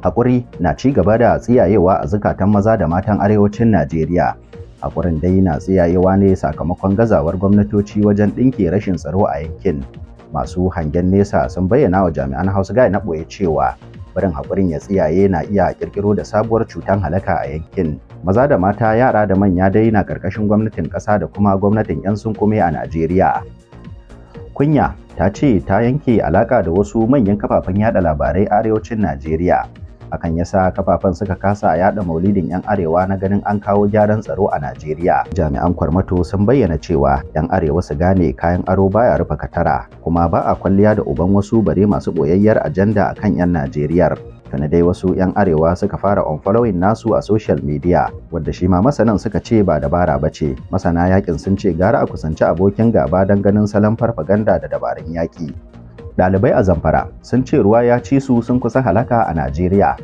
haƙuri na ci gaba da tsiyayewa a zukatan maza da matan arewacin Najeriya. Haƙurin dai na tsiyayewa ne sakamakon gazawar gwamnatoci wajen ɗinke rashin tsaro a yankin. Masu hangen nesa sun bayyana wa jami'an Hausa ga na ɓoye cewa barin haƙurin ya tsiyaye na iya ƙirƙiro da sabuwar cutar halaka a yankin. Maza da mata, yara da manya dai na ƙarƙashin gwamnatin ƙasa da kuma gwamnatin 'yan sunkume a Najeriya. Kunya ta ce ta yanke alaƙa da wasu manyan kafafen yada labarai arewacin Najeriya. hakan yasa kafafen suka kasa a yada maulidin yan arewa na ganin an kawo gyaran tsaro a Najeriya jami'an kwarmato sun bayyana cewa yan arewa su gane kayan aro baya rufe katara kuma ba a kwalliya da uban wasu bare masu boyayyar ajanda akan yan Najeriya tana dai wasu 'yan arewa suka fara on-following nasu a social media wadda shi ma masanan suka ce ba dabara ba ce masana yakin sun ce gara a kusanci abokin gaba don ganin salon farfaganda da dabarun yaki Dalibai a Zamfara sun ce ruwa ya ci su sun kusa halaka a Najeriya.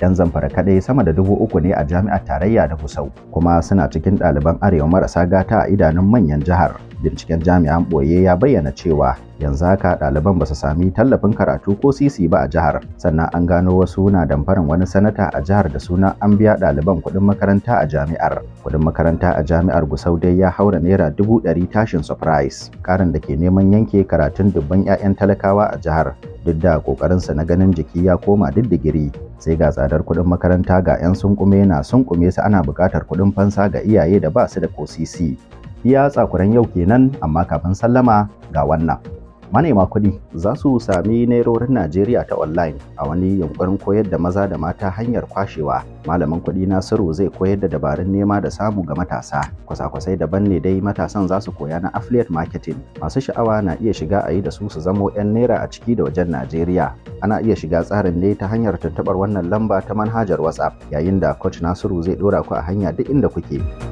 Yan Zamfara kaɗai sama da dubu uku ne a jami'ar tarayya da Kusau, kuma suna cikin ɗaliban Arewa marasa gata a idanun manyan jihar. binciken jami'an ɓoye ya bayyana cewa yanzu haka ɗaliban ba su sami tallafin karatu ko sisi ba a jihar sannan an gano wasu na damfarin wani sanata a jihar da suna an biya ɗaliban kuɗin makaranta a jami'ar kuɗin makaranta a jami'ar gusau dai ya haura naira dubu ɗari tashin surprise ƙarin da ke neman yanke karatun dubban 'ya'yan talakawa a jihar duk da ƙoƙarinsa na ganin jiki ya koma diddigiri sai ga tsadar kuɗin makaranta ga 'yan sunkume na sunkume su ana buƙatar kuɗin fansa ga iyaye da ba su da ko sisi iya tsakuran yau kenan amma kafin sallama ga wannan manema kuɗi za su sami nairorin najeriya ta online a wani yunkurin koyar da maza da mata hanyar kwashewa malamin kuɗi nasiru zai koyar da dabarun nema da samu ga matasa kwasa-kwasai daban ne dai matasan za su koya na affiliate marketing masu sha'awa na iya shiga a yi da su su zamo 'yan naira a ciki da wajen najeriya ana iya shiga tsarin ne ta hanyar tuntuɓar wannan lamba ta manhajar whatsapp yayin da coach nasiru zai ɗora ku a hanya duk inda kuke